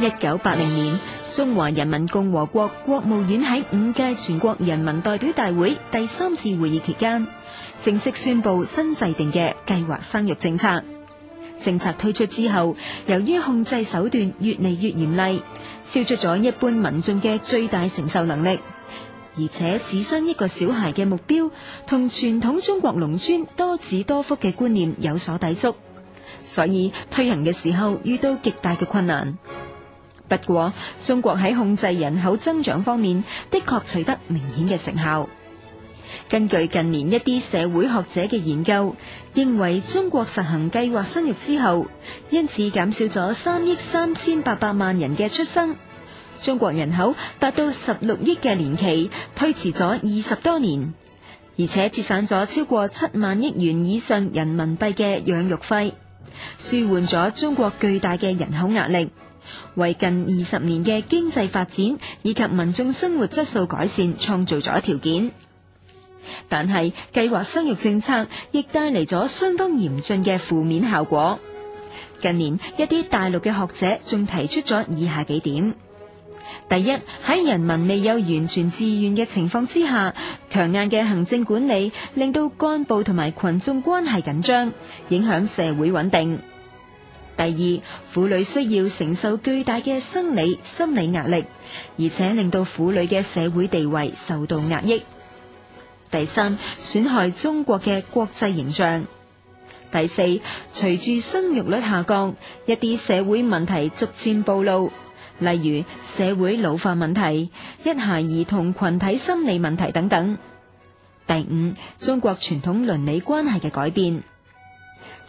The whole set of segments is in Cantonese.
一九八零年，中華人民共和國國務院喺五屆全國人民代表大會第三次會議期間，正式宣布新制定嘅計劃生育政策。政策推出之後，由於控制手段越嚟越嚴厲，超出咗一般民眾嘅最大承受能力，而且只生一個小孩嘅目標，同傳統中國農村多子多福嘅觀念有所抵觸，所以推行嘅時候遇到極大嘅困難。不過，中國喺控制人口增長方面的確取得明顯嘅成效。根據近年一啲社會學者嘅研究，認為中國實行計劃生育之後，因此減少咗三億三千八百萬人嘅出生，中國人口達到十六億嘅年期推遲咗二十多年，而且節省咗超過七萬億元以上人民幣嘅養育費，舒緩咗中國巨大嘅人口壓力。為近二十年嘅經濟發展以及民眾生活質素改善創造咗條件，但係計劃生育政策亦帶嚟咗相當嚴峻嘅負面效果。近年一啲大陸嘅學者仲提出咗以下幾點：第一，喺人民未有完全自願嘅情況之下，強硬嘅行政管理令到幹部同埋群眾關係緊張，影響社會穩定。第二，婦女需要承受巨大嘅生理、心理壓力，而且令到婦女嘅社會地位受到壓抑。第三，損害中國嘅國際形象。第四，隨住生育率下降，一啲社會問題逐漸暴露，例如社會老化問題、一孩兒童群體心理問題等等。第五，中國傳統倫理關係嘅改變。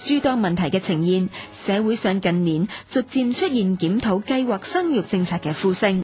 諸多問題嘅呈現，社會上近年逐漸出現檢討計劃生育政策嘅呼聲。